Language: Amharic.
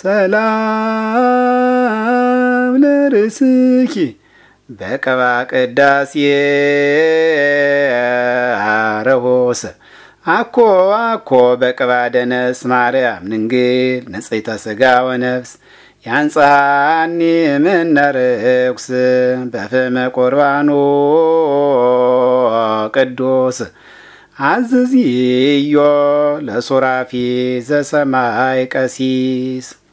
ሰላም ለርእስኪ በቀባ ቅዳሴ አረሆሰ አኮ አኮ በቅባ ደነስ ማርያም ንንግል ንጽሕተ ስጋ ወነፍስ ያንጽሐኒ ምነርኩስ በፍመ ቁርባኑ ቅዱስ አዝዝዮ ለሱራፊ ዘሰማይ ቀሲስ